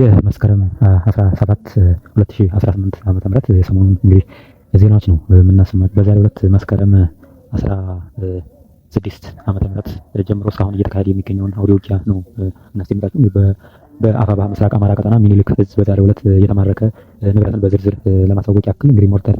የመስከረም 17 2018 ዓ ም የሰሞኑን እንግዲህ ዜናዎች ነው የምናሰማት። በዛሬው ዕለት መስከረም 16 ዓ ም ጀምሮ እስካሁን እየተካሄደ የሚገኘውን አውደ ውጊያ ነው እናስጀምራችሁ። በአፋባ ምስራቅ አማራ ቀጠና ሚኒልክ ህዝብ በዛሬው ዕለት እየተማረከ ንብረትን በዝርዝር ለማሳወቅ ያክል እንግዲህ ሞርተር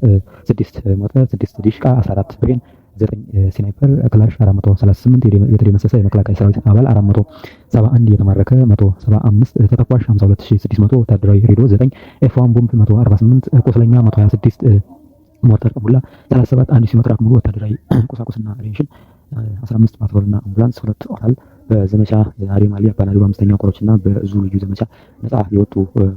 6 ሞርተር 6 ዲሽቃ 14 ብሬን ዘጠኝ ስናይፐር ክላሽ 438 የተደመሰሰ የመከላከያ ሰራዊት አባል 471 የተማረከ 175 ተተኳሽ 52600 ወታደራዊ ሬዲዮ 9 ኤፍ 1 ቦምብ 148 ቁስለኛ 126 ሞርተር ቀሙላ 37 አንድ ሲኖትራክ ሙሉ ወታደራዊ ቁሳቁስና ሬንሽን 15 ፓትሮልና አምቡላንስ 2 ኦራል በዘመቻ አሬ ማሊ አባናሪ በአምስተኛው ኮሮች እና በዙ ልዩ ዘመቻ ነፃ የወጡ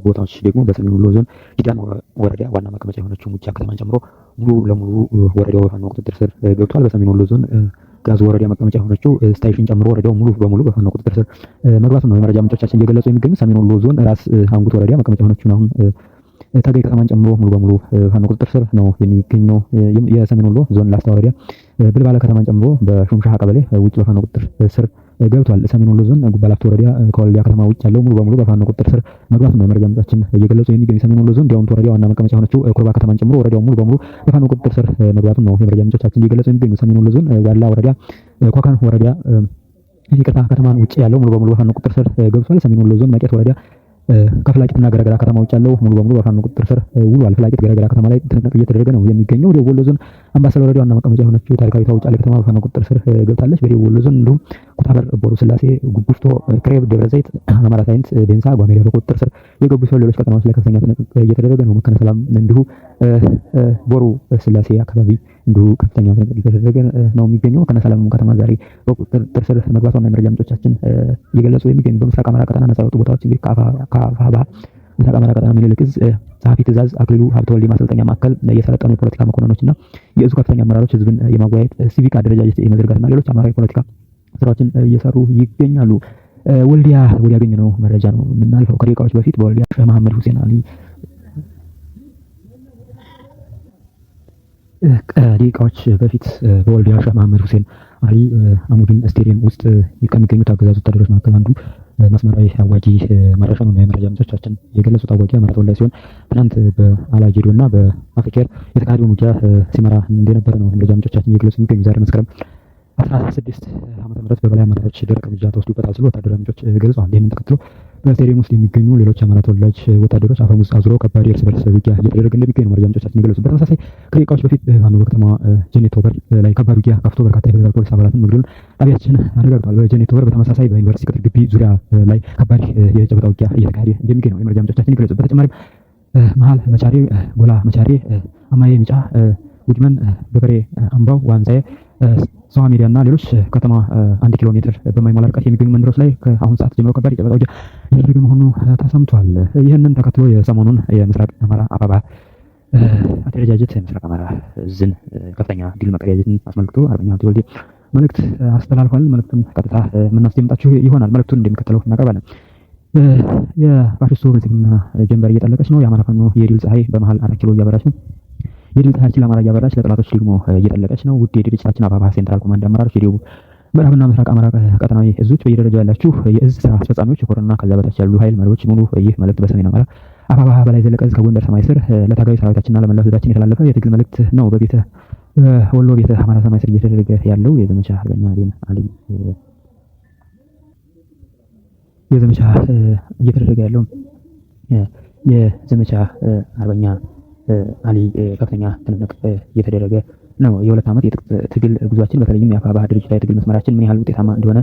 ቦታዎች ደግሞ በሰሜን ወሎ ዞን ጊዳን ወረዳ ዋና መቀመጫ የሆነችው ሙጃ ከተማን ጨምሮ ሙሉ ለሙሉ ወረዳው በፋኖ ቁጥጥር ስር ገብቷል። በሰሜን ወሎ ዞን ጋዝ ወረዳ መቀመጫ የሆነችው ስታይሽን ጨምሮ ወረዳው ሙሉ በሙሉ በፋኖ ቁጥጥር ስር መግባት ነው የመረጃ ምንጮቻችን እየገለጹ የሚገኙ ሰሜን ወሎ ዞን ራስ አንጉት ወረዳ መቀመጫ የሆነችውን አሁን ታጋይ ከተማን ጨምሮ ሙሉ በሙሉ ፋኖ ቁጥጥር ስር ነው የሚገኘው። የሰሜን ወሎ ዞን ላስታ ወረዳ ከተማን ጨምሮ በሹምሻሃ ቀበሌ ውጭ በፋኖ ቁጥጥር ስር ገብቷል። ሰሜን ወሎ ዞን ጉባላፍቶ ወረዳ ከወልዲያ ከተማ ውጭ ያለው ሙሉ በሙሉ በፋኖ ቁጥጥር ስር መግባት ነው መረጃ ምንጫችን እየገለጹ የሚገኝ ሰሜን ወሎ ዞን ዳውንት ወረዳ ዋና መቀመጫ የሆነችው ኩርባ ከተማን ጨምሮ ወረዳው ሙሉ በሙሉ በፋኖ ቁጥጥር ስር መግባቱን ነው የመረጃ ምንጮቻችን እየገለጹ የሚገኙ ሰሜን ወሎ ዞን ዋላ ወረዳ ኳካን ወረዳ ይቅርታ ከተማን ውጭ ያለው ሙሉ በሙሉ በፋኖ ቁጥጥር ስር ገብቷል። ሰሜን ወሎ ዞን ማቄት ወረዳ እና ገረገራ ከተማ ውጭ ያለው ሙሉ በሙሉ በፋኖ ቁጥጥር ስር ውሏል። ፍላቂት ገረገራ ከተማ ላይ ትንቅንቅ እየተደረገ ነው የሚገኘው። ደቡብ ወሎ ዞን አምባሰል ወረዳ ዋና መቀመጫ የሆነችው ታሪካዊቷ ውጫሌ ከተማ በፋኖ ቁጥጥር ስር ገብታለች። በደቡብ ወሎ ዞን እንዲሁም ኩታበር፣ ቦሩ ስላሴ፣ ጉጉፍቶ፣ ክሬብ፣ ደብረዘይት፣ አማራ ሳይንስ፣ ቤንሳ፣ ጓሜዳ በቁጥጥር ስር የገቡ ሲሆን ሌሎች ቀጠናዎች ላይ ከፍተኛ ትንቅንቅ እየተደረገ ነው። መካነ ሰላም እንዲሁ ቦሩ ስላሴ አካባቢ እንዲሁ ከፍተኛ ጥንቃቄ የተደረገ ነው የሚገኘው። ከነ ሰላሙ ከተማ ዛሬ በቁጥጥር ስር መግባቷን መረጃ ምንጮቻችን እየገለጹ የሚገኙ በምስራቅ አማራ ቀጠና ነጻ የወጡ ቦታዎች እንግዲህ ከአፋባ ምስራቅ አማራ ቀጠና ምኒልክ ዕዝ ጸሐፊ ትእዛዝ አክሊሉ ሀብተወልድ ማሰልጠኛ ማዕከል የሰለጠኑ የፖለቲካ መኮንኖች እና የእዙ ከፍተኛ አመራሮች ህዝብን የማወያየት ሲቪክ አደረጃጀት የመዘርጋትና ሌሎች አማራዊ ፖለቲካ ስራዎችን እየሰሩ ይገኛሉ። ወልዲያ ወዲያገኝ ነው መረጃ ነው የምናልፈው። ከደቂቃዎች በፊት በወልዲያ ሸህ መሐመድ ሁሴን አሊ ደቂቃዎች በፊት በወልዲያ ሻህ መሐመድ ሁሴን አሊ አሙድን ስቴዲየም ውስጥ ከሚገኙት አገዛዝ ወታደሮች መካከል አንዱ መስመራዊ አዋጊ መረሻ ነው። የመረጃ ምንጮቻችን የገለጹት አዋጊ አማራ ተወላጅ ሲሆን ትናንት በአላጌዶ እና በአፍሪካር የተካሄደውን ውጊያ ሲመራ እንደነበረ ነው የመረጃ ምንጮቻችን እየገለጹ የሚገኙ። ዛሬ መስከረም ስድስት ዓመተ ምህረት በበላይ አመራሮች ደረቅ እርምጃ ተወስዶበታል ሲሉ ወታደራዊ ምንጮች ገልጸዋል። ይህንን ተከትሎ በስቴዲየም ውስጥ የሚገኙ ሌሎች የአማራ ተወላጅ ወታደሮች አፈሙዝ አዙረው ከባድ የእርስ በርስ ውጊያ እየተደረገ እንደሚገኝ ነው መረጃ ምንጮቻችን የገለጹት። በተመሳሳይ ከደቂቃዎች በፊት ማነው በከተማ ጄኔቶበር ላይ ከባድ ውጊያ ከፍቶ በርካታ የፌዴራል ፖሊስ አባላትን መግደሉን ጣቢያችን አረጋግጧል። በጄኔቶበር በተመሳሳይ በዩኒቨርሲቲ ቅጥር ግቢ ዙሪያ ላይ ከባድ የጨበጣ ውጊያ እየተካሄደ እንደሚገኝ ነው የመረጃ ምንጮቻችን የገለጹት። በተጨማሪም መሀል መቻሬ፣ ጎላ መቻሬ፣ አማዬ፣ ሚጫ፣ ጉድመን፣ ገበሬ አምባው፣ ዋንዛዬ ሰዋ ሚዲያ እና ሌሎች ከተማ አንድ ኪሎ ሜትር በማይሞላ ርቀት የሚገኙ መንደሮች ላይ ከአሁን ሰዓት ጀምሮ ከባድ የጨበጣ ውጊያ እያደረገ መሆኑ ተሰምቷል። ይህንን ተከትሎ የሰሞኑን የምስራቅ አማራ አባባ አደረጃጀት የምስራቅ አማራ ዝን ከፍተኛ ድል መቀዳጀትን አስመልክቶ አርበኛ ሀብቴ ወልዴ መልእክት አስተላልፏል። መልእክቱን ቀጥታ የምናስደምጣችሁ ይሆናል። መልእክቱን እንደሚከተለው እናቀርባለን። የፋሽስቱ ብልጽግና ጀንበር እየጠለቀች ነው። የአማራ ፋኖ የድል ፀሐይ በመሀል አራት ኪሎ እያበራች ነው። የድል ኃይል ለአማራ እያበራች ለጠላቶች ደግሞ እየጠለቀች ነው። ውድ የድርጅታችን አባባ ሴንትራል ኮማንድ አመራሮች፣ የደቡብ ምዕራብና ምስራቅ አማራ ቀጠናዊ እዞች፣ በየደረጃ ያላችሁ የእዝ ስራ አስፈጻሚዎች፣ የኮረና ከዛ በታች ያሉ ኃይል መሪዎች ሙሉ ይህ መልእክት በሰሜን አማራ አባባ በላይ ዘለቀ ከጎንደር ሰማይ ስር ለታጋዩ ሰራዊታችንና ለመላው ህዝባችን የተላለፈ የትግል መልእክት ነው። በቤተ ወሎ ቤተ አማራ ሰማይ ስር እየተደረገ ያለው የዘመቻ አርበኛ አሊ የዘመቻ እየተደረገ ያለው የዘመቻ አርበኛ አሊ ከፍተኛ ትንቅንቅ እየተደረገ ነው። የሁለት ዓመት የትጥቅ ትግል ጉዟችን በተለይም የአፋ ባህ ድርጅት ላይ ትግል መስመራችን ምን ያህል ውጤታማ እንደሆነ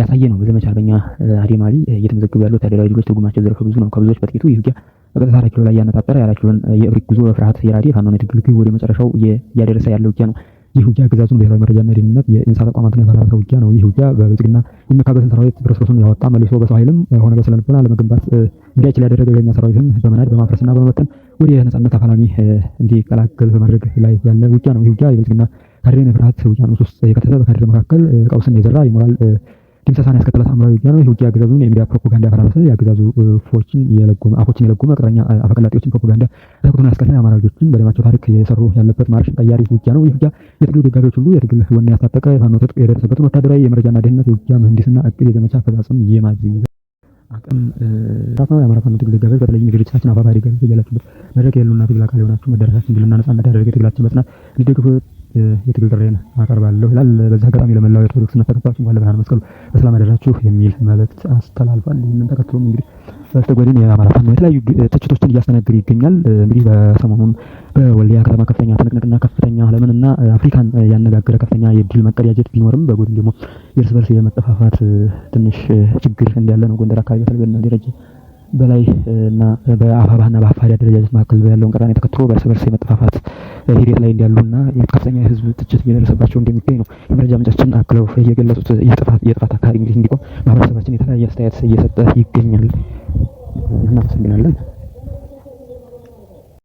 ያሳየ ነው። በዘመቻ አርበኛ አደም አሊ እየተመዘገቡ ያሉ ወታደራዊ ድሎች ትርጉማቸው ዘርፈ ብዙ ነው። ከብዙዎች በጥቂቱ ይህ ውጊያ በቀጥታ አራት ኪሎ ላይ ያነጣጠረ የአራት ኪሎን የእብሪት ጉዞ በፍርሃት የራዴ የፋኖን የትግል ግብ ወደ መጨረሻው እያደረሰ ያለ ውጊያ ነው። ይህ ውጊያ ግዛቱን ብሔራዊ መረጃና ደህንነት የእንሳ ተቋማትን ያፈራረሰ ውጊያ ነው። ይህ ውጊያ በብልጽግና የሚካበትን ሰራዊት ፍርስፍርሱን ያወጣ መልሶ በሰው ኃይልም ሆነ በስለልቦና ለመገንባት እንዳይችል ያደረገው የኛ ሰራዊትም በመናድ በማፍረስና በመበተን ወደ ነጻነት አፋላሚ እንዲቀላቀል በማድረግ ላይ ያለ ውጊያ ነው። ይህ ውጊያ የብልጽግና ካድሬን ፍርሃት ነው። ውስጥ የከተተ በካድሬ መካከል ቀውስን የዘራ የሞራል ድምሰሳን ያስከተለ ታምራዊ ውጊያ ነው። ይህ ውጊያ አገዛዙን የሚዲያ ፕሮፓጋንዳ ያፈራረሰ፣ የአገዛዙ ፎችን የለጎመ አፎችን የለጎመ ቅጥረኛ አፈቀላጤዎችን ፕሮፓጋንዳ ተኩቱን ያስከተለ የአማራ ልጆችን በደማቸው ታሪክ የሰሩ ያለበት ማርሽ ቀያሪ ውጊያ ነው። ይህ ውጊያ የትግሉ ደጋፊዎች ሁሉ የትግል ወኔ ያስታጠቀ ፋኖ ትጥቅ የደረሰበትን ወታደራዊ የመረጃና ደህንነት ውጊያ ምህንዲስና እቅድ የዘመቻ አፈጻጸም የማዝ አቅም ራፍ ነው። የአማራ ፋኖ ትግል ደጋፊዎች በተለይም የድርጅታችን አባባሪ ጋር እያላችሁበት መድረክ የሉና ትግል አካል የሆናችሁ መዳረሻችን ድልና ነጻነት ያደረገ ትግላችን በጽናት እንዲደግፉ የትግል ጥሬን አቀርባለሁ ይላል። በዚህ አጋጣሚ ለመላው የኦርቶዶክስ እምነት ተከታዮች እንኳን ለብርሃነ መስቀሉ በሰላም ያደረሳችሁ የሚል መልእክት አስተላልፏል። ይህንን ተከትሎም እንግዲህ በስተጎድን የአማራ ፋኖ የተለያዩ ትችቶችን እያስተናገደ ይገኛል። እንግዲህ በሰሞኑን በወልዲያ ከተማ ከፍተኛ ትንቅንቅና ከፍተኛ ዓለምን እና አፍሪካን ያነጋገረ ከፍተኛ የድል መቀዳጀት ቢኖርም በጎድን ደግሞ የእርስ በርስ የመጠፋፋት ትንሽ ችግር እንዳለ ነው። ጎንደር አካባቢ በተለይ ደረጀ በላይ እና በአፋባህና በአፋሪ አደረጃጀት መካከል ያለውን ቅራኔ ተከትሎ በእርስ በርስ የመጠፋፋት ሂደት ላይ እንዳሉና ከፍተኛ የህዝብ ትችት እየደረሰባቸው እንደሚገኝ ነው የመረጃ ምንጫችን አክለው የገለጹት። የጥፋት አካባቢ እንግዲህ እንዲቆም ማህበረሰባችን የተለያየ አስተያየት እየሰጠ ይገኛል። እናመሰግናለን።